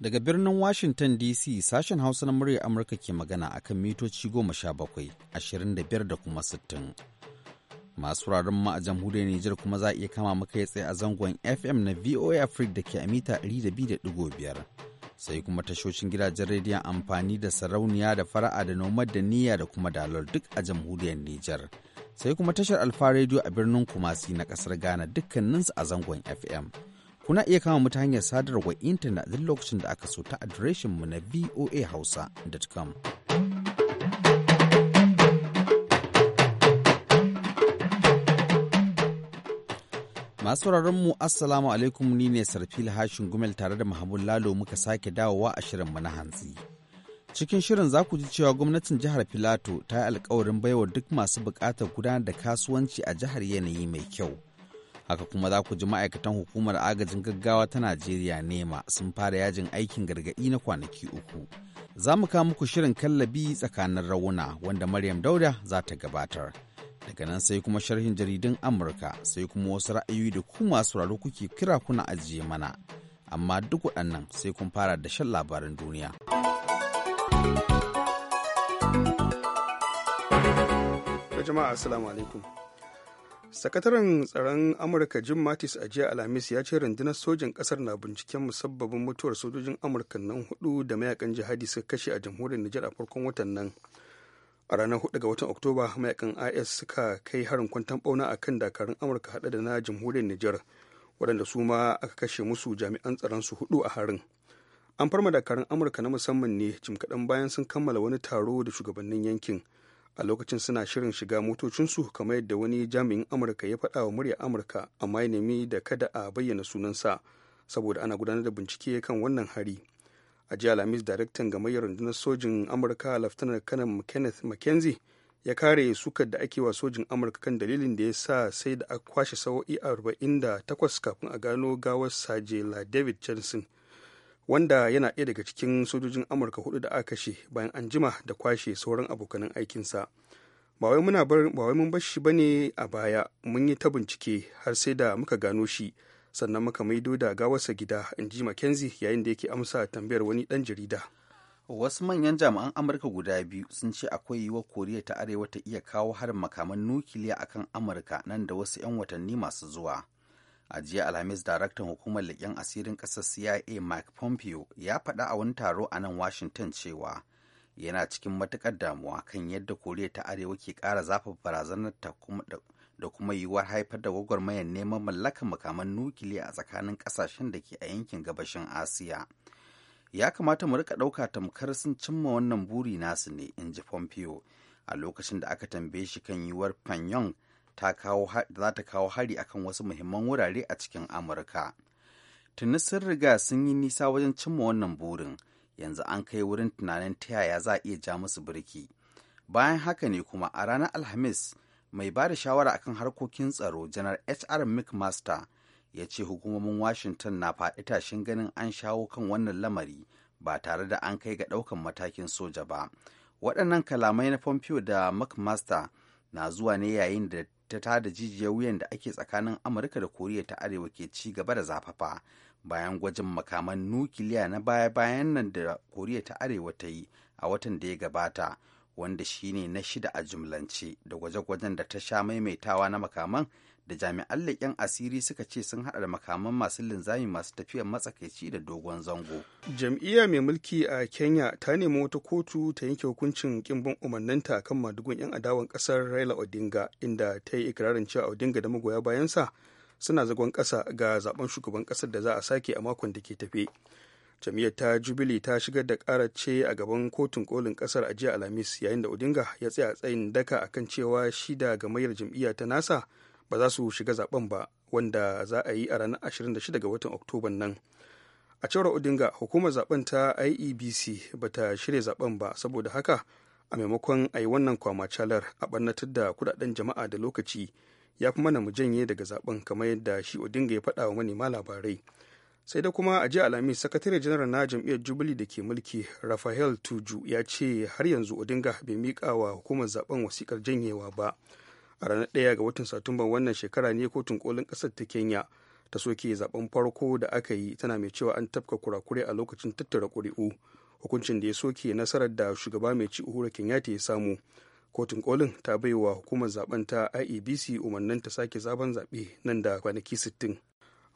Daga birnin Washington DC sashen Hausa na murya Amurka ke magana a kan mitoci goma sha bakwai, ashirin da biyar da kuma sittin. Masu wuraren ma a jamhuriyar Nijar kuma za a iya kama maka tsaye a zangon FM na VOA Africa da ke a mita ɗari Sai kuma tashoshin gidajen rediyon amfani da sarauniya da fara'a da nomad da niyya da kuma dalar duk a jamhuriyar Nijar. Sai kuma tashar Alfa Radio a birnin Kumasi na kasar Ghana dukkaninsu a zangon FM. Kuna iya kama mu ta hanyar sadarwa intanet duk lokacin da aka so ta mu na voahausa.com. Masu mu Assalamu alaikum ni ne Sarfil Hashin Gumel tare da Mahmud Lalo muka sake dawowa a shirinmu na hantsi. Cikin shirin za ku ji cewa gwamnatin jihar Filato ta yi alkawarin baiwa duk masu bukatar gudanar da kasuwanci a jihar yanayi mai kyau. haka kuma za ku ji ma'aikatan hukumar agajin gaggawa ta najeriya nema sun fara yajin aikin gargaɗi na kwanaki uku za mu kawo muku shirin kallabi tsakanin rauna wanda maryam dauda za ta gabatar daga nan sai kuma sharhin jaridun amurka sai kuma wasu ra'ayoyi da ku masu raro kuke kira kuna ajiye mana amma duk waɗannan sai kun fara da shan labaran duniya jama'a assalamu alaikum sakataren tsaron amurka jim mattis a jiya alhamis ya ce rundunar sojin kasar na binciken musabbabin mutuwar sojojin amurka nan hudu da mayakan jihadi suka kashe a jamhuriyar nijar a farkon watan nan a ranar 4 ga watan oktoba mayakan is suka kai harin kwantan bauna a kan dakarun amurka hada da na jamhuriyar nijar waɗanda su ma aka kashe musu jami'an tsaron su hudu a harin an farma dakarun amurka na musamman ne jim kaɗan bayan sun kammala wani taro da shugabannin yankin a lokacin suna shirin shiga motocinsu kamar yadda wani jami'in amurka ya faɗa wa murya amurka amma ya nemi da kada a bayyana sunansa saboda ana gudanar da bincike kan wannan hari a jiya alhamis daraktan gamayyar rundunar sojin amurka laftanar kanan kenneth mckenzie ya kare sukar da ake wa sojin amurka kan dalilin da ya sa sai da a kwashe sawo'i 48 kafin a gano gawar sajela david johnson wanda yana ɗaya daga cikin sojojin amurka hudu da aka kashe bayan an jima da kwashe sauran abokanan aikinsa ba wai bar mun bar shi bane a baya mun yi ta bincike har sai da muka gano shi sannan muka maido da gawarsa gida in ji mackenzie yayin da yake amsa tambayar wani dan jarida wasu manyan jami'an amurka guda biyu sun ce akwai yiwuwar koriya ta arewa ta iya kawo harin makaman nukiliya akan amurka nan da wasu 'yan watanni masu zuwa a jiya alhamis daraktan hukumar leƙen asirin ƙasar cia mike pompeo ya faɗa a wani taro a nan washington cewa yana cikin matuƙar damuwa kan yadda koriya ta arewa ke ƙara zafa barazanar ta da kuma yiwuwar haifar da gwagwarmayar neman mallakar makaman nukiliya a tsakanin ƙasashen da ke a yankin gabashin asiya ya kamata mu rika ɗauka tamkar sun cimma wannan buri nasu ne in ji pompeo a lokacin da aka tambaye shi kan yiwuwar pyongyang za ta kawo hari akan wasu muhimman wurare a cikin amurka tuni sun riga sun yi nisa wajen cimma wannan burin yanzu an kai wurin tunanin ta yaya za a iya ja musu birki bayan haka ne kuma a ranar alhamis mai ba da shawara akan harkokin tsaro janar hr mcmaster ya ce hukumomin washington na faɗi tashin ganin an shawo kan wannan lamari ba tare da an kai ga ɗaukan matakin soja ba waɗannan kalamai na pompeo da mcmaster na zuwa ne yayin da ta tada jijiyar wuyan da ake tsakanin amurka da koriya ta arewa ke ci gaba da zafafa bayan gwajin makaman nukiliya na baya-bayan nan da koriya ta arewa ta yi a watan da ya gabata wanda shine na shida a jumlance da gwaje-gwajen da ta sha maimaitawa na makaman da jami'an leƙen asiri suka ce sun haɗa da makaman masu linzami masu tafiyar matsakaici da dogon zango. Jam'iyya mai mulki a Kenya ta nemi wata kotu ta yanke hukuncin kin bin umarninta kan madugun 'yan adawan ƙasar Raila Odinga inda ta yi ikirarin cewa Odinga da magoya bayansa suna zagon ƙasa ga zaben shugaban ƙasar da za a sake a makon da ke tafe. Jam'iyyar ta Jubilee ta shigar da ƙarar ce a gaban kotun kolin ƙasar a jiya Alhamis yayin da Odinga ya tsaya tsayin daka akan cewa shida ga gamayyar jam'iyya ta nasa ba za su shiga zaben ba wanda za a yi a ranar 26 ga watan Oktoba nan a cewar odinga hukumar zaben ta iebc ba ta shirya zaben ba saboda haka a maimakon a yi wannan kwamacalar a ɓannatar da kudaden jama'a da lokaci ya fi mana mu janye daga zaben kamar yadda shi odinga ya faɗa wa manema labarai sai da kuma a jiya alhamis sakatare janar na jam'iyyar jubili da ke mulki rafael tuju ya ce har yanzu odinga bai miƙa wa hukumar zaben wasikar janyewa ba a ranar ɗaya ga watan satumban wannan shekara ne kotun kolin ƙasar ta kenya ta soke zaben farko da aka yi tana mai cewa an tafka kurakure a lokacin tattara ƙuri'u hukuncin da ya soke nasarar da shugaba mai ci uhuru kenyatta ya samu kotun kolin ta baiwa hukumar zaben ta iebc umarnin ta sake zaben zaɓe nan da kwanaki 60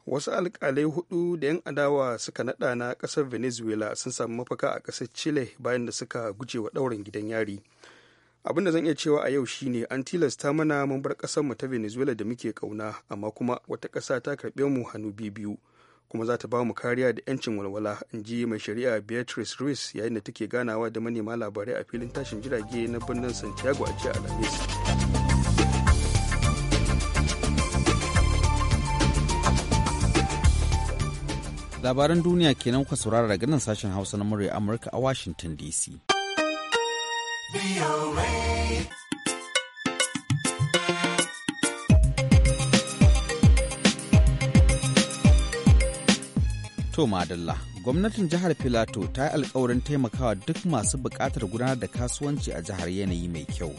wasu alkalai hudu da 'yan adawa suka nada na kasar venezuela sun samu mafaka a kasar chile bayan da suka wa ɗaurin gidan yari abin da zan iya cewa a yau shine an tilasta mana mun bar ƙasar mu ta venezuela da muke kauna amma kuma wata ƙasa ta karɓe mu hannu biyu kuma za ta ba mu kariya da 'yancin walwala in ji mai shari'a beatrice ruiz yayin da take ganawa da manema labarai a filin tashin jirage na birnin santiago a jiya alhamis labaran duniya kenan kuka saurara daga nan sashen hausa na murya amurka a washington dc To Madalla, gwamnatin jihar Filato ta yi alkawarin taimakawa duk masu buƙatar gudanar da kasuwanci a jihar yanayi mai kyau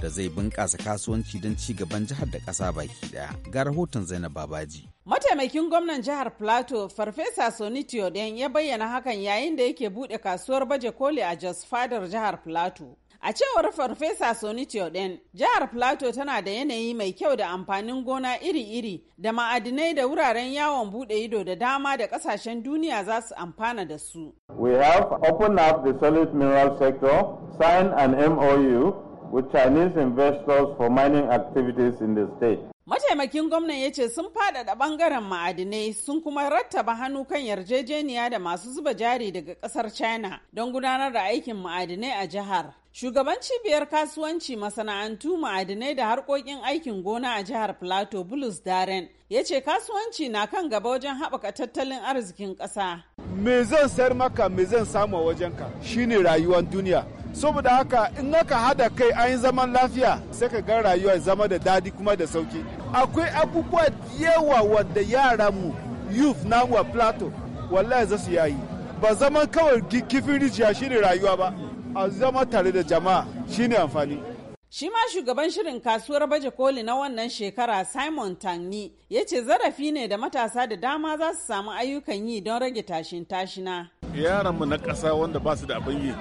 da zai bunƙasa kasuwanci don ci gaban jihar da ƙasa baki ɗaya. Ga rahoton Zainab Babaji. Mataimakin gwamnan jihar Filato, Farfesa Soni Tioden ya bayyana hakan yayin da yake buɗe kasuwar baje koli a Jos Fadar jihar Filato. A cewar Farfesa Soni Tioden, jihar Plateau tana da yanayi mai kyau da amfanin gona iri-iri da ma'adinai da wuraren yawon bude ido da dama da kasashen duniya za su amfana da su. We have opened up the solid mineral sector, signed an MOU with Chinese investors for mining activities in the state. Mataimakin gwamnan ya ce sun faɗaɗa ɓangaren ma'adinai sun kuma rattaba hannu kan yarjejeniya da masu zuba jari daga ƙasar China don gudanar da aikin ma'adinai a jihar. Shugaban cibiyar kasuwanci masana'antu ma'adinai da harkokin aikin gona a jihar Plateau Bulus Daren ya ce kasuwanci na kan gaba wajen haɓaka tattalin arzikin ƙasa. Me zan sayar maka me zan samu a wajenka shine rayuwar duniya. saboda haka in aka hada kai an yi zaman lafiya sai ka ga rayuwa zama da dadi kuma da sauki akwai abubuwa yawa yaran yara mu youth na wa plato wallahi za su yayi ba zaman kawai kifin rijiya shine rayuwa ba a zama tare da jama'a shine amfani Shi ma shugaban shirin kasuwar baje koli na wannan shekara Simon Tanni ya ce zarafi ne da matasa da dama za su samu ayyukan yi don rage tashin tashina. yaranmu na ƙasa wanda ba su da abin yi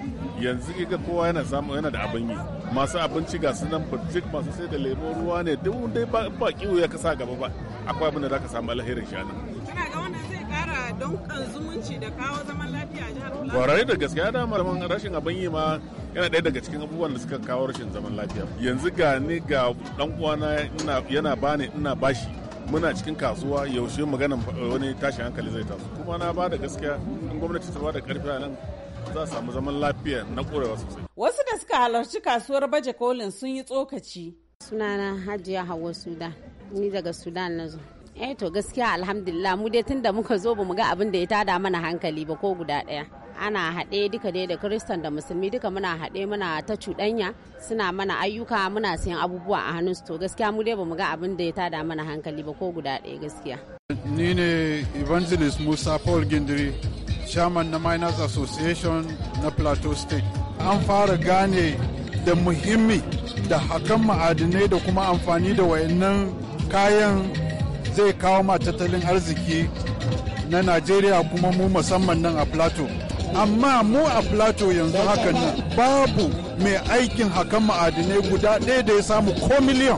yanzu ga kowa yana samu yana da abin yi masu abinci ga sunan burjik masu sai da lemon ruwa ne duk dai ba kiwo ya kasa gaba ba akwai abin da za ka samu alherin shanu. kana ga wannan zai kara donkan zumunci da kawo zaman lafiya a jihar Fulani. kwarai da gaskiya da malaman rashin abin yi ma yana ɗaya daga cikin abubuwan da suka kawo rashin zaman lafiya yanzu ga ni ga dan uwana yana bani ina bashi muna cikin kasuwa yaushe maganan eh, wani tashin hankali zai taso kuma na ba da gaskiya in gwamnati ta ba da karfi a nan za a samu zaman lafiya na ƙorewa sosai wasu da suka halarci kasuwar baje kolin sun yi tsokaci sunana hajiya hawa sudan ni daga sudan na zo eh to gaskiya alhamdulillah mu dai tunda muka zo bamu ga abin da ya tada mana hankali ba ko guda ɗaya ana haɗe duka dai da kristan da musulmi duka muna haɗe muna ta cuɗanya suna mana ayyuka muna siyan abubuwa a hannunsu to gaskiya mu dai bamu ga abin da ya tada mana hankali ba ko guda ɗaya gaskiya. Ni ne Evangelist Musa Paul Gindiri, Chairman na Miners Association na Plateau State. An fara gane da muhimmi da hakan ma'adinai da kuma amfani da wayannan kayan zai kawo ma tattalin arziki na Najeriya kuma mu musamman nan a Plateau. amma mu a plateau yanzu hakan nan babu mai aikin hakan ma'adinai guda ɗaya da ya samu ko miliyan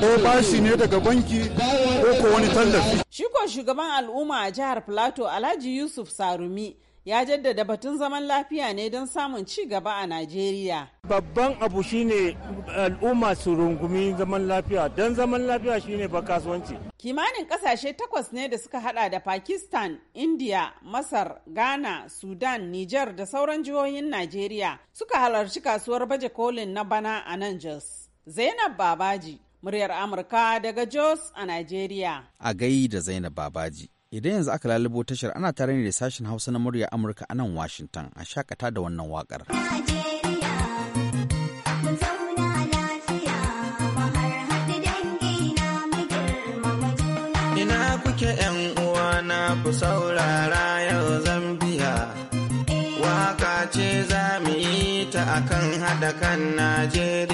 ko bashi ne daga banki ko ko wani tallafi. Shi ko shugaban al'umma a jihar Plateau Alhaji Yusuf Sarumi ya jaddada batun zaman lafiya ne don samun ci gaba a Najeriya. Babban abu shine al'umma su rungumi zaman lafiya don zaman lafiya shine ba kasuwanci. Kimanin kasashe takwas ne da suka hada da Pakistan, India, Masar, Ghana, Sudan, Nijar da sauran jihohin Najeriya suka halarci kasuwar baje kolin na bana a nan Jos. Zainab Babaji, muryar Amurka daga Jos a Najeriya. A gai da Zainab Babaji. Idan yanzu aka lalubo tashar ana tare ne da sashen Hausa na murya Amurka a nan Washington a shakata da wannan wakar Ina kuke 'yan uwana ku saurara yau Zambiya. Eh. Waka ce za mu yi ta akan haɗa kan Najeriya.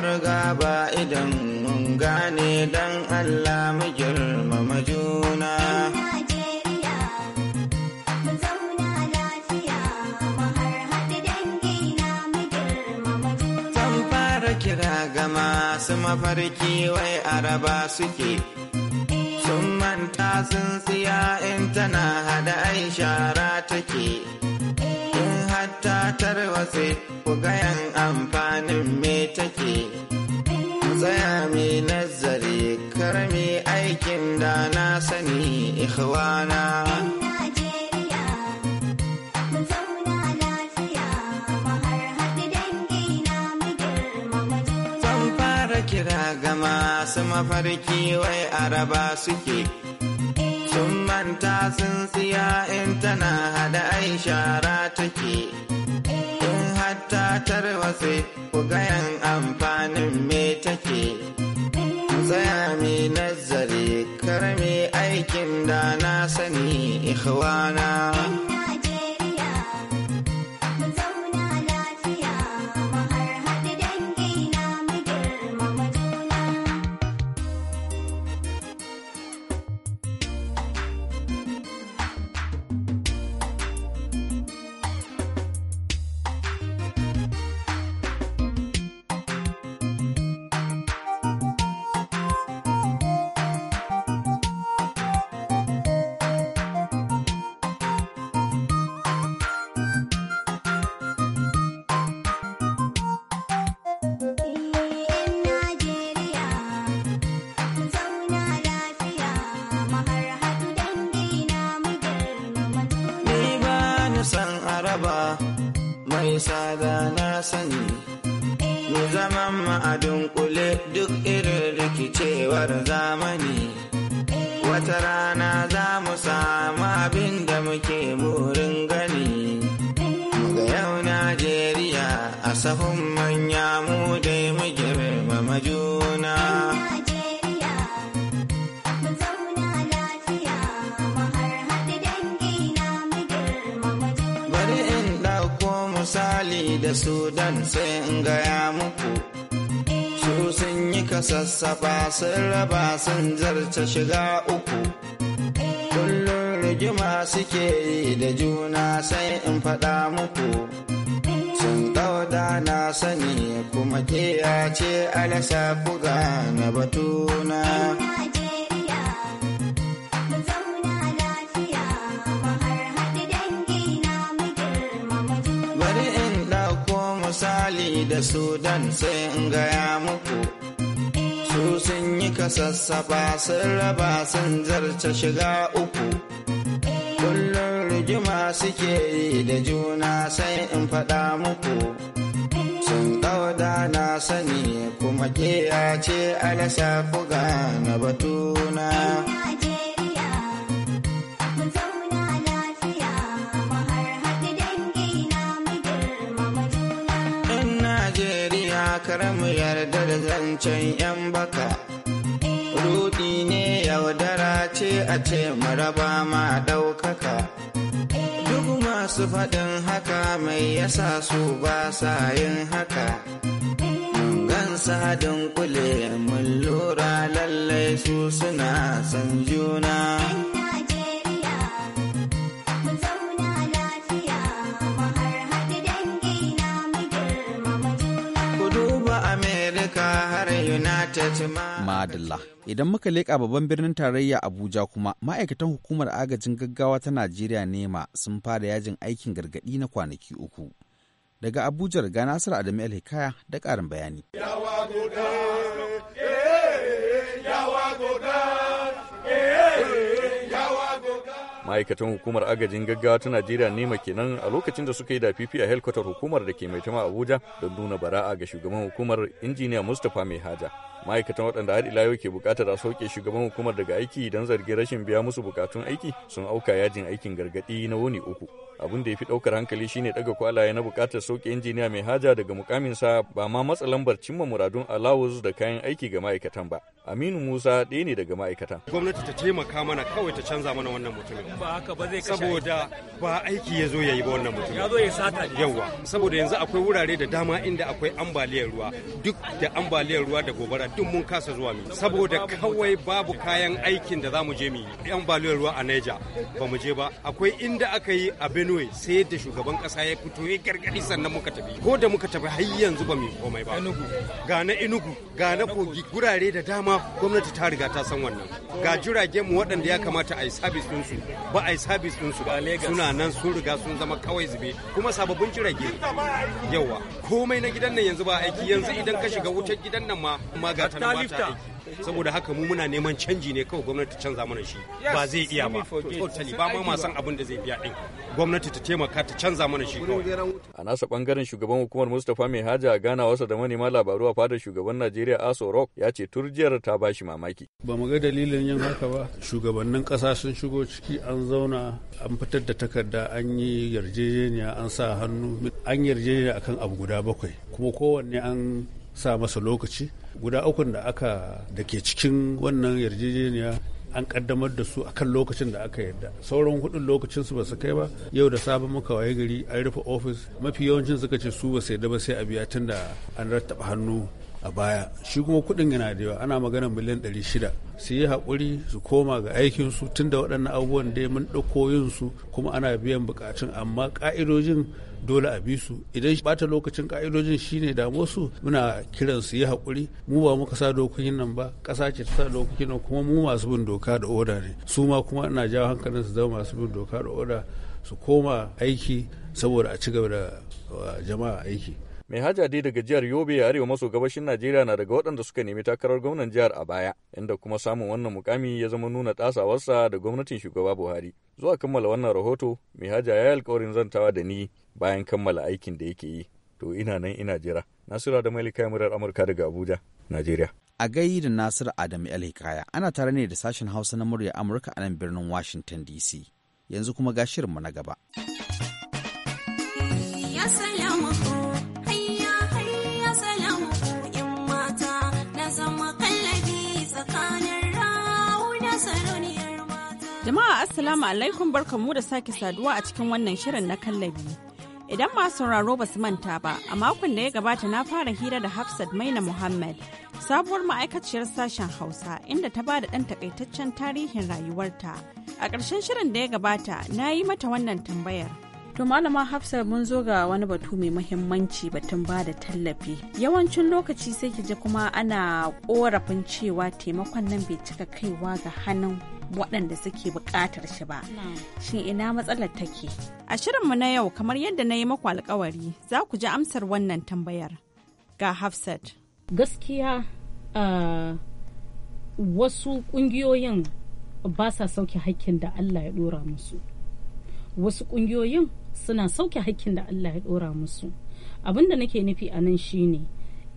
farga ba idan mun gane dan Allah mu girmama juna. kira ga masu mafarki wai araba suke eh. sun manta sun siya in tana hada aishara take hatta tarwatse ku gayan amfanin me take tsaya mai nazari kar aikin da na sani ikhwana. kira ga masu mafarki wai araba suke sun manta sun siya in tana hada ai shara take in hatta tarwatse ku gayan amfanin me take tsaya mai nazari karmi aikin da na sani ikhwana. a zamani wata rana za mu samu abin da muke burin gani ga yau najeriya a sahun manya mu dai mu girmama juna misali da sudan sai in gaya muku Ka sassaba sun raba sun shiga uku kullum rigima suke yi da juna sai in faɗa muku sun ɗauda na sani kuma ya ce alasa buga na batuna. misali da sudan sai in gaya muku su sun yi kasassaba sun raba sun zarce shiga uku kullum rigima suke yi da juna sai in faɗa muku sun ɗauda na sani kuma ke ce alasa buga na batuna. mu yarda da zancen 'yan baka rudi ne yaudara ce a ce maraba ma ɗaukaka duk masu faɗin haka mai yasa su ba sa yin haka sadin kule mun lura lallai su suna san juna. Amerika Madalla. Idan muka leƙa babban birnin tarayya Abuja kuma ma'aikatan hukumar agajin gaggawa ta Najeriya nema sun fara yajin aikin gargaɗi na kwanaki uku. Daga Abuja ga Nasiru Adamu El da ƙarin bayani. ma'aikatan hukumar agajin gaggawa ta najeriya nema kenan a lokacin da suka yi da fifi a helkwatar hukumar da ke mai tama abuja don nuna bara'a ga shugaban hukumar injiniya mustapha mai haja ma'aikatan waɗanda har ila yau ke buƙatar a sauke shugaban hukumar daga aiki don zargin rashin biya musu bukatun aiki sun auka yajin aikin gargaɗi na wuni uku abin da ya fi ɗaukar hankali shine ɗaga kwalaye na buƙatar sauke injiniya mai haja daga mukaminsa ba ma matsa lambar cimma muradun alawus da kayan aiki ga ma'aikatan ba aminu musa ɗaya ne daga ma'aikatan gwamnati ta taimaka mana kawai ta canza mana wannan mutumin ba haka ba saboda ba aiki ya zo ya yi ba wannan mutumin ya zo ya sata yawa saboda yanzu akwai wurare da dama inda akwai ambaliyar ruwa duk da ambaliyar ruwa da gobara duk mun kasa zuwa mu saboda kawai babu kayan aikin da zamu je mu yi ambaliyar ruwa a Niger ba mu je ba akwai inda aka yi a Benue sai da shugaban kasa ya fito ya gargadi sannan muka tafi ko da muka tafi har yanzu ba mu komai ba ga na Enugu ga na Kogi gurare da dama gwamnati ta riga ta san wannan ga jirage mu waɗanda ya kamata a yi sabis su ba a yi sabis su ba suna nan sun riga sun zama kawai zube kuma sababbin jirage yawa komai na gidan nan yanzu ba aiki yanzu idan ka shiga wutar gidan nan ma riga ta lifta saboda haka mu muna neman canji ne kawai gwamnati canza mana shi ba zai iya ba totally ba ma san abin da zai biya din gwamnati ta taimaka ta canza mana shi kawai a nasa bangaren shugaban hukumar Mustapha Mai Haja gana ganawarsa da manema labaru a fadar shugaban Najeriya Aso Rock ya ce turjiyar ta bashi mamaki ba mu ga dalilin yin haka ba shugabannin kasa sun shigo ciki an zauna an fitar da takarda an yi yarjejeniya an sa hannu an yarjejeniya akan abu guda bakwai kuma kowanne an sa masa lokaci guda ukun da aka da ke cikin wannan yarjejeniya an kaddamar da su akan lokacin da aka yadda sauran hudun lokacin su ba su kai ba yau da sabon muka waye gari an rufe ofis mafi yawancin suka ce su ba su yadda ba sai a biya tun da an rattaba hannu a baya shi kuma kudin yana da yawa ana magana miliyan 600 su yi haƙuri su koma ga aikinsu tun da waɗannan abubuwan dai mun ɗauko yin su kuma ana biyan buƙatun amma ƙa'idojin dole a bi su idan bata lokacin ka'idojin shine damo su muna kiran su yi hakuri mu ba muka sa dokokin nan ba kasa ce ta sa dokokin nan kuma mu masu bin doka da oda ne su ma kuma ina jawo hankalin su zama masu bin doka da oda su koma aiki saboda a ci gaba da jama'a aiki Mai dai daga jihar Yobe a arewa maso gabashin Najeriya na daga waɗanda suka nemi takarar gwamnan jihar a baya, inda kuma samun wannan mukami ya zama nuna ɗasawarsa da gwamnatin shugaba Buhari. Zuwa kammala wannan rahoto, mai haja ya yi alkawarin zantawa da ni bayan kammala aikin da yake yi. To ina nan ina jira. Nasira da mai Murar Amurka daga Abuja, Najeriya. A gai da Nasiru Adamu Alhikaya, ana tare ne da sashen Hausa na murya Amurka a nan birnin Washington DC. Yanzu kuma ga shirinmu na gaba. Jama'a Assalamu alaikum barkamu da sake saduwa a cikin wannan shirin na kallabi. Idan masu sauraro ba su manta ba, a makon da ya gabata na fara hira da Hafsat Maina Muhammad, sabuwar ma'aikaciyar sashen Hausa inda ta ba da ɗan takaitaccen tarihin rayuwarta. A ƙarshen shirin da ya gabata, na yi mata wannan tambayar. To malama Hafsat mun zo ga wani batu mai mahimmanci batun ba da tallafi. Yawancin lokaci sai ki ji kuma ana ƙorafin cewa taimakon nan bai cika kaiwa ga hannun waɗanda suke buƙatar shi ba. shi ina matsalar take? A shirinmu na yau kamar yadda na yi maku alkawari za ku ji amsar wannan tambayar. Ga Hafsat. Gaskiya wasu ƙungiyoyin ba sa sauke hakkin da Allah ya ɗora musu. Wasu ƙungiyoyin suna sauke hakkin da Allah ya ɗora musu. Abin da nake nufi a nan shine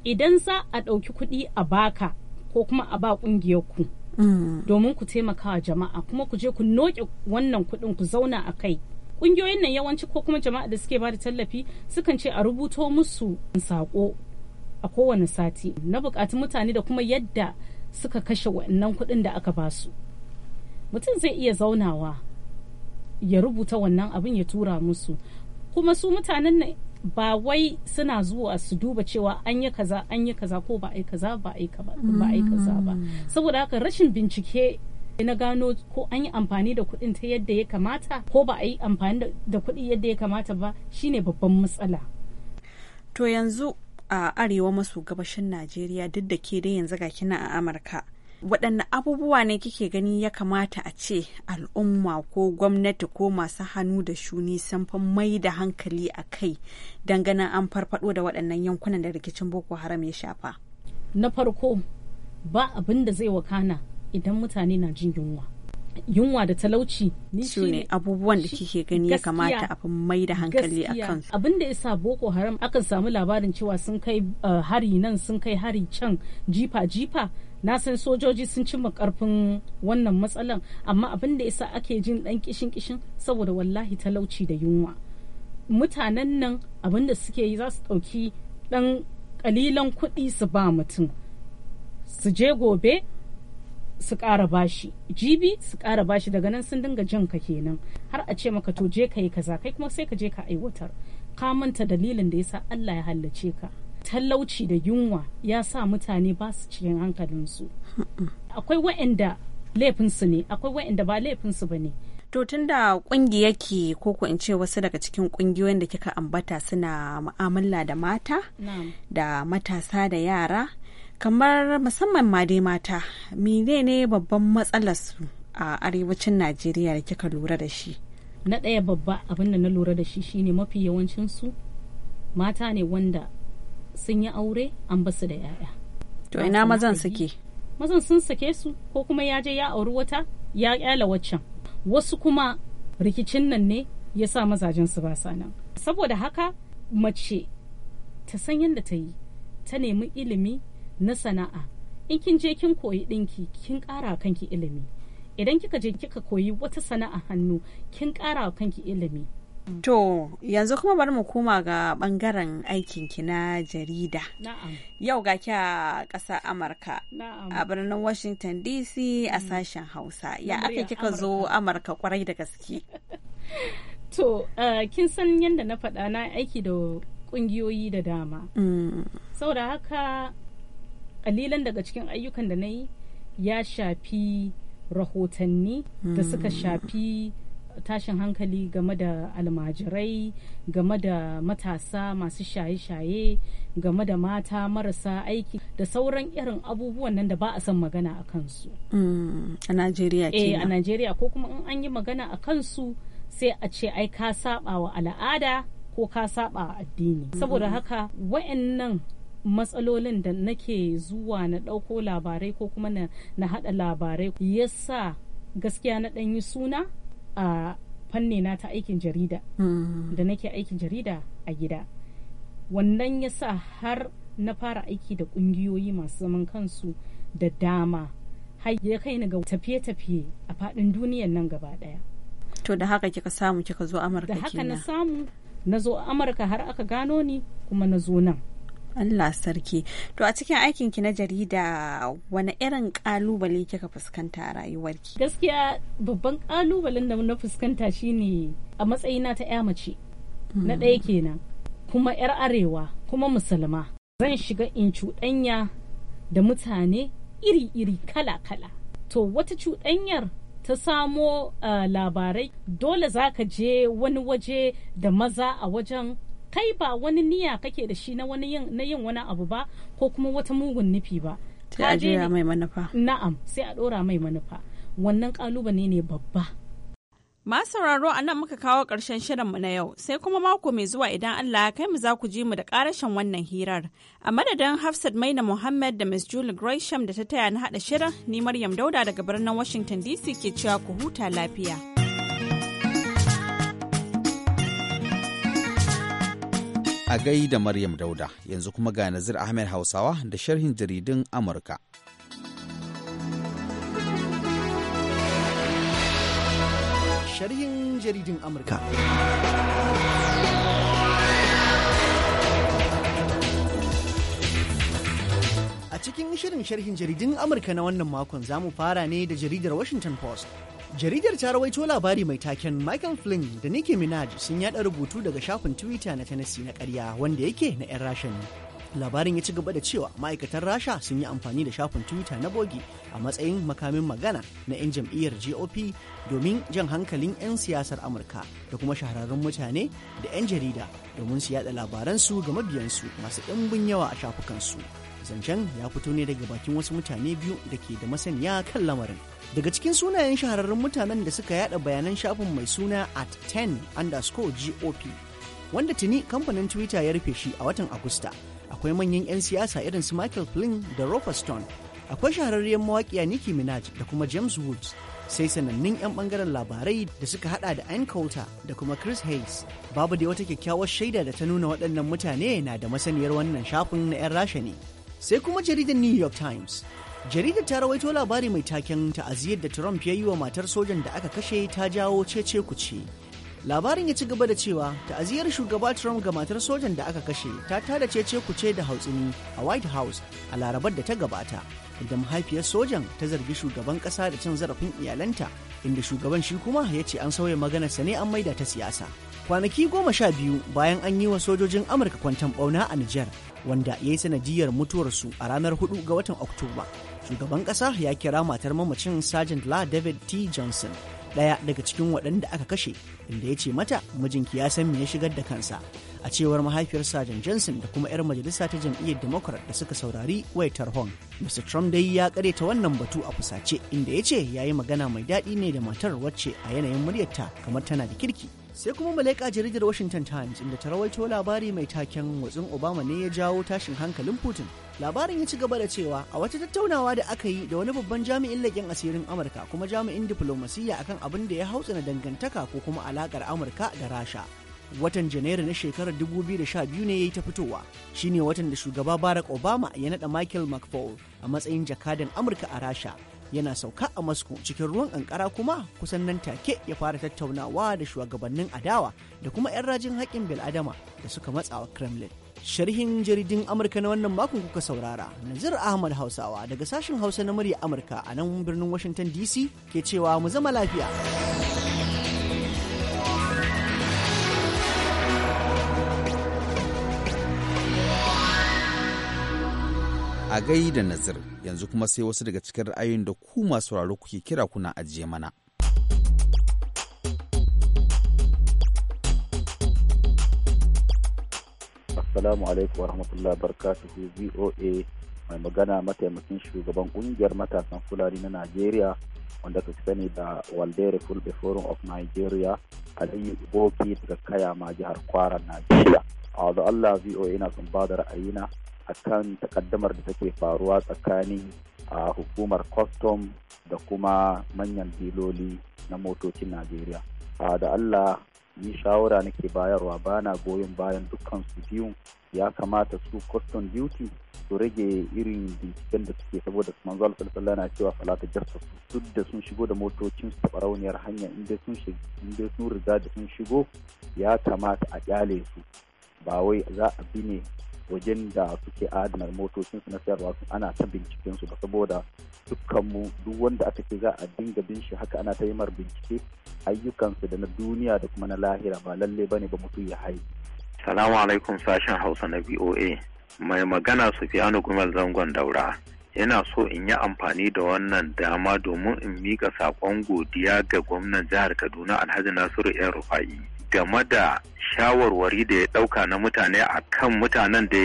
idan za a ɗauki kuɗi a baka ko kuma a ba ƙungiyarku. ku. Mm. domin ku taimaka wa jama'a kuma ku je ku noke wannan kuɗin ku zauna a kai ƙungiyoyin nan yawanci ko kuma jama'a da suke bada tallafi sukan ce a rubuto musu Sako a kowane sati na buƙatu mutane da kuma yadda suka kashe wannan kuɗin da aka basu mutum zai iya zaunawa ya rubuta wannan abin ya tura musu kuma su mutanen ba wai suna zuwa su duba cewa an yi kaza an yi kaza ko ba a yi kaza ba a yi kaza ba mm. saboda haka rashin bincike na gano ko an yi amfani da kuɗin ta yadda ya kamata ko ba a yi amfani da kuɗi yadda ya kamata ba shine babban matsala to yanzu a arewa maso gabashin najeriya duk da ke dai yanzu ga kina a amurka waɗanne abubuwa ne kike gani ya kamata a ce al'umma ko gwamnati ko masu hannu da shuni sun fi mai da hankali a kai ganin an farfado da waɗannan yankunan da rikicin boko haram ya shafa na farko ba abin da zai wakana idan mutane na jin yunwa yunwa da talauci ni ne abubuwan da kike gani ya kamata a mai da hankali a kan abin da isa boko haram akan samu labarin cewa sun kai uh, hari nan sun kai hari can jifa jifa na san sojoji sun cimma karfin wannan matsalan amma abin da yasa ake jin dan kishin kishin saboda wallahi talauci da yunwa mutanen nan abin da suke yi za su ɗauki ɗan kalilan kuɗi su ba mutum su je gobe su ƙara bashi jibi su ƙara bashi daga nan sun dinga jan ka kenan har a ce maka to je ka yi kaza kai kuma sai ka je ka aiwatar ka manta dalilin da yasa Allah ya hallace ka talauci da yunwa ya sa mutane ba su cikin hankalinsu akwai waɗanda laifinsu ne akwai waɗanda ba laifinsu ba ne to tunda ƙungiya ke ko ko in ce wasu daga cikin ƙungiyoyin da kika ambata suna mu'amala da mata da matasa da yara kamar musamman ma dai mata menene babban matsalarsu a arewacin najeriya da kika lura da shi na ɗaya babba abin da na lura da shi shine mafi yawancinsu mata ne wanda sun yi aure an basu da 'ya'ya to ina mazan suke mazan sun sake su ko kuma ya je ya auri wata ya ƙyala waccan wasu kuma rikicin nan ne ya sa mazajen su ba nan saboda haka mace ta san yadda ta yi ta nemi ilimi na sana'a in kin je kin koyi ɗinki kin ƙara kanki ilimi idan kika je kika koyi wata sana'a hannu kin ƙara kanki ilimi To yanzu kuma bari mu koma ga bangaren ki na jarida. Yau ga kya kasa ƙasar Amurka. A birnin Washington DC a mm. sashen Hausa. Ya aka kika zo Amurka kwarai da gaske. To, eh, kin san yadda na faɗa na aiki da ƙungiyoyi da dama. Mm. Saboda haka, ƙalilan daga cikin ayyukan da na yi ya shafi rahotanni da suka mm. shafi tashin hankali game da almajirai game da matasa masu shaye-shaye game da mata marasa aiki da sauran irin abubuwan nan da ba a san magana a kansu mm, a najeriya ke eh, a najeriya ko kuma in an yi magana a kansu sai a ce ai ka saba wa al'ada ko ka saba addini saboda haka wa'annan matsalolin da nake zuwa na ɗauko labarai ko kuma na haɗa labarai yasa gaskiya na ɗanyi suna a fanni na ta aikin jarida hmm. da nake aikin jarida a gida wannan ya sa har na fara aiki da ƙungiyoyi masu zaman kansu da dama har ya kai ni ga tafiye-tafiye a faɗin duniyan nan gaba ɗaya to da haka kika samu kika zo amurka da haka na samu na zo amurka har aka gano ni kuma na zo nan Allah sarki. To a cikin aikin ki na jarida wani irin kalubale kika fuskanta a rayuwarki? Gaskiya babban kalubalen da na fuskanta shine a matsayina ta 'ya mace. Na ɗaya mm. kenan. Kuma 'yar arewa kuma musulma. Zan shiga in cuɗanya da mutane iri-iri kala-kala. To wata cuɗanyar ta samo eh, labarai dole za ka je wani waje da maza a wajen kai ba wani niyya kake da shi na wani yin na yin wani abu ba ko kuma wata mugun nufi ba sai a jera mai manufa na'am sai a dora mai manufa wannan kalubale ne babba Masu sauraro a nan muka kawo ƙarshen mu na yau sai kuma mako mai zuwa idan Allah ya kai mu za ku ji mu da ƙarashin wannan hirar. A madadin Hafsat Maina Muhammad da Miss Julie Gresham da ta taya na haɗa shirin, ni Maryam Dauda daga birnin Washington DC ke cewa ku huta lafiya. A da Maryam Dauda, yanzu kuma ga Nazir Ahmed Hausawa da sharhin jaridun Amurka. Sharhin jaridun Amurka. A cikin shirin sharhin jaridun Amurka na wannan makon za mu fara ne da jaridar Washington Post. Jaridar ta rawaito labari mai taken Michael Flynn da Nicki Minaj sun yaɗa rubutu daga shafin Twitter na Tennessee na karya wanda yake na 'yan Rashan. Labarin ya ci gaba da cewa ma'aikatan Rasha sun yi amfani da shafin Twitter na bogi a matsayin makamin magana na 'yan jam'iyyar GOP domin jan hankalin 'yan siyasar Amurka da kuma shahararrun mutane da 'yan jarida domin su yada labaransu ga mabiyansu masu ɗimbin yawa a shafukansu. Zancen ya fito ne daga bakin wasu mutane biyu da ke da masaniya kan lamarin. Daga cikin sunayen shahararrun mutanen da suka yada bayanan shafin mai suna at 10 underscore GOP, wanda tuni kamfanin Twitter ya rufe shi a watan Agusta. Akwai manyan 'yan siyasa irin su Michael Flynn da Roper Stone. Akwai shahararriyar mawaƙiya Nicki Minaj da kuma James Woods. Sai sanannun 'yan bangaren labarai da suka hada da Ann Coulter da kuma Chris Hayes. Babu da wata kyakkyawar shaida da ta nuna waɗannan mutane na da masaniyar wannan shafin na 'yan rasha ne. Sai kuma jaridar New York Times Jaridar ta rawaito labari mai taken ta'aziyar da Trump ya yi wa matar sojan da aka kashe ta jawo cece kuce. Labarin ya ci gaba da cewa ta'aziyar shugaba Trump ga matar sojan da aka kashe ta tada cece kuce da hautsini a White House a larabar da ta gabata. Inda mahaifiyar sojan ta zargi shugaban kasa da cin zarafin iyalanta inda shugaban shi kuma ya ce an sauya maganarsa ne an maida ta siyasa. Kwanaki goma sha biyu bayan an yi wa sojojin Amurka kwanton bauna a Nijar wanda ya yi sanadiyar mutuwarsu a ranar 4 ga watan Oktoba. shugaban kasa ya kira matar mamacin sergeant la david t johnson daya daga cikin waɗanda aka kashe inda ya ce mata mijinki ya san me ya shigar da kansa a cewar mahaifiyar sajan johnson da kuma 'yar majalisa ta jam'iyyar democrat da suka saurari waitar tarhon. mr trump dai ya ta wannan batu a fusace inda ya ce ya yi magana mai daɗi ne da matar wacce a yanayin muryarta kamar tana da kirki sai kuma malaika jaridar washington times inda ta rawaito labari mai taken watsin obama ne ya jawo tashin hankalin putin labarin ya ci gaba da cewa a wata tattaunawa da aka yi da wani babban jami'in laƙin asirin amurka kuma jami'in diflomasiyya akan abin da ya hautsa dangantaka ko kuma alaƙar amurka da rasha watan janairu na shekarar 2012 ne ya yi ta fitowa shine watan da shugaba barack obama ya naɗa michael mcfaul a matsayin jakadan amurka a rasha yana sauka a Moscow cikin ruwan ankara kuma kusan nan take ya fara tattaunawa da shugabannin adawa da kuma 'yan rajin haƙƙin bil'adama da suka matsawa Kremlin. Sharhin jaridin Amurka na wannan makon kuka saurara, Nazir Ahmad Hausawa daga sashen Hausa na murya Amurka a nan birnin Washington DC ke cewa mu zama lafiya. A gai da nazir yanzu kuma sai wasu daga cikin ra'ayoyin da ku masu sauraro kuke kira kuna ajiye mana. Assalamu alaikum wa rahmatullahi barakatuhu VOA mai magana mataimakin shugaban kungiyar matasan Fulani na Najeriya wanda ka sani da Waldere Fulbe Forum of Nigeria a Aliyu Boki daga Kayama jihar Kwara Najeriya. A Allah VOA na son ba da ra'ayina kan takaddamar da take faruwa tsakanin a hukumar custom da kuma manyan diloli na motocin najeriya A da allah yi shawara nake bayarwa bana goyon bayan dukkan su biyun ya kamata su custom duty su rage irin binciken da suke saboda su manzo alfalfalla na cewa falata jarsa su duk da sun shigo da motocin su rauniyar hanya inda sun inda riga da sun shigo ya kamata a kyale su ba wai za a bi ne wajen da suke adana motocin su na sayarwa ana ta binciken su ba saboda dukkanmu duk wanda aka ce za a dinga bin shi haka ana ta yi mar bincike ayyukansu da na duniya da kuma na lahira ba lalle bane ba mutum ya haihu salamu alaikum sashen hausa na voa mai magana su sufiyanu gumal zangon daura yana so in yi amfani da wannan dama domin in miƙa saƙon godiya ga gwamnan jihar kaduna alhaji nasiru yan rufa'i game da shawarwari da ya ɗauka na mutane a kan mutanen da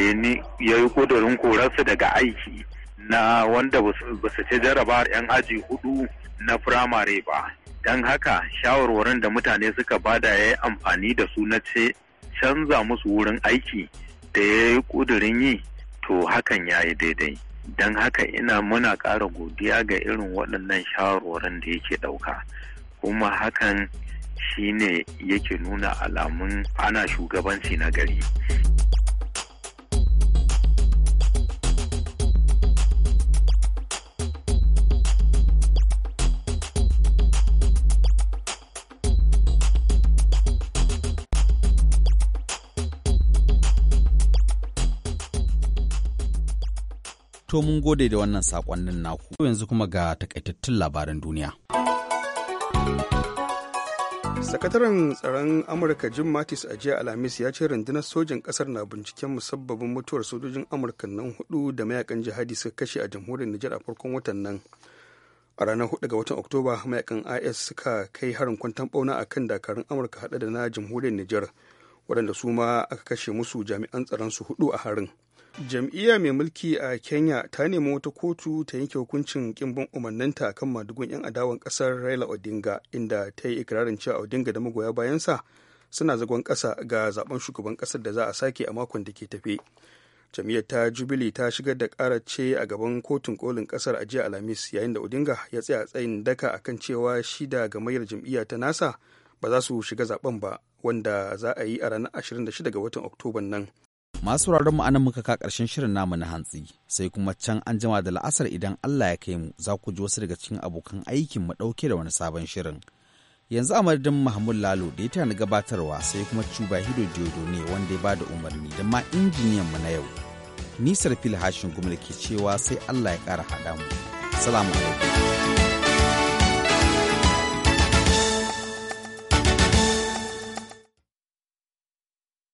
ya yi ƙudurin korarsu daga aiki na wanda ba su ci jaraba 'yan aji hudu na firamare ba don haka shawarwarin da mutane suka bada ya yi amfani da su na ce canza musu wurin aiki da ya yi kudurin yi to hakan ya yi daidai don haka ina muna ƙara godiya ga irin waɗannan shawarwarin da yake ɗauka kuma hakan shine yake nuna alamun ana shugabanci na gari To mun gode da wannan saƙonnin naku yanzu kuma ga takaitattun labaran duniya. sakataren tsaron amurka jim mattis a jiya alhamis ya ce rundunar sojin kasar na binciken musabbabin mutuwar sojojin amurka nan hudu da mayakan jihadi suka kashe a jamhuriyar nijar a farkon watan nan a ranar 4 ga watan oktoba mayakan is suka kai harin kwantan bauna a kan dakarun amurka hada da na jamhuriyar nijar waɗanda su ma aka kashe musu jami'an tsaron su hudu a harin jam'iyya mai mulki a kenya ta nemi wata kotu ta yanke hukuncin kimbin umarninta kan madugun 'yan adawan kasar raila odinga inda ta yi ikirarin cewa odinga da magoya bayansa suna zagon kasa ga zaben shugaban kasar da za a sake a makon da ke tafe jam'iyyar ta jubilee ta shigar da karar ce a gaban kotun kolin kasar a jiya alhamis yayin da odinga ya tsaya tsayin daka akan cewa shi da gamayyar jam'iyya ta nasa ba za su shiga zaben ba wanda za a yi a ranar 26 ga watan oktoban nan Masu mu anan muka ka karshen shirin namu na hantsi, sai kuma can an jima da la'asar idan Allah ya kai mu za ku ji wasu daga cikin abokan aikin mu ɗauke da wani sabon shirin. Yanzu a madadin Mahmud Lalo da ya tana gabatarwa sai kuma Cuba Hido Jodo ne wanda ya bada umarni da ma injiniyan mu na yau. Nisar filhashin hashin gumul ke cewa sai Allah ya kara hada mu. Salamu alaikum.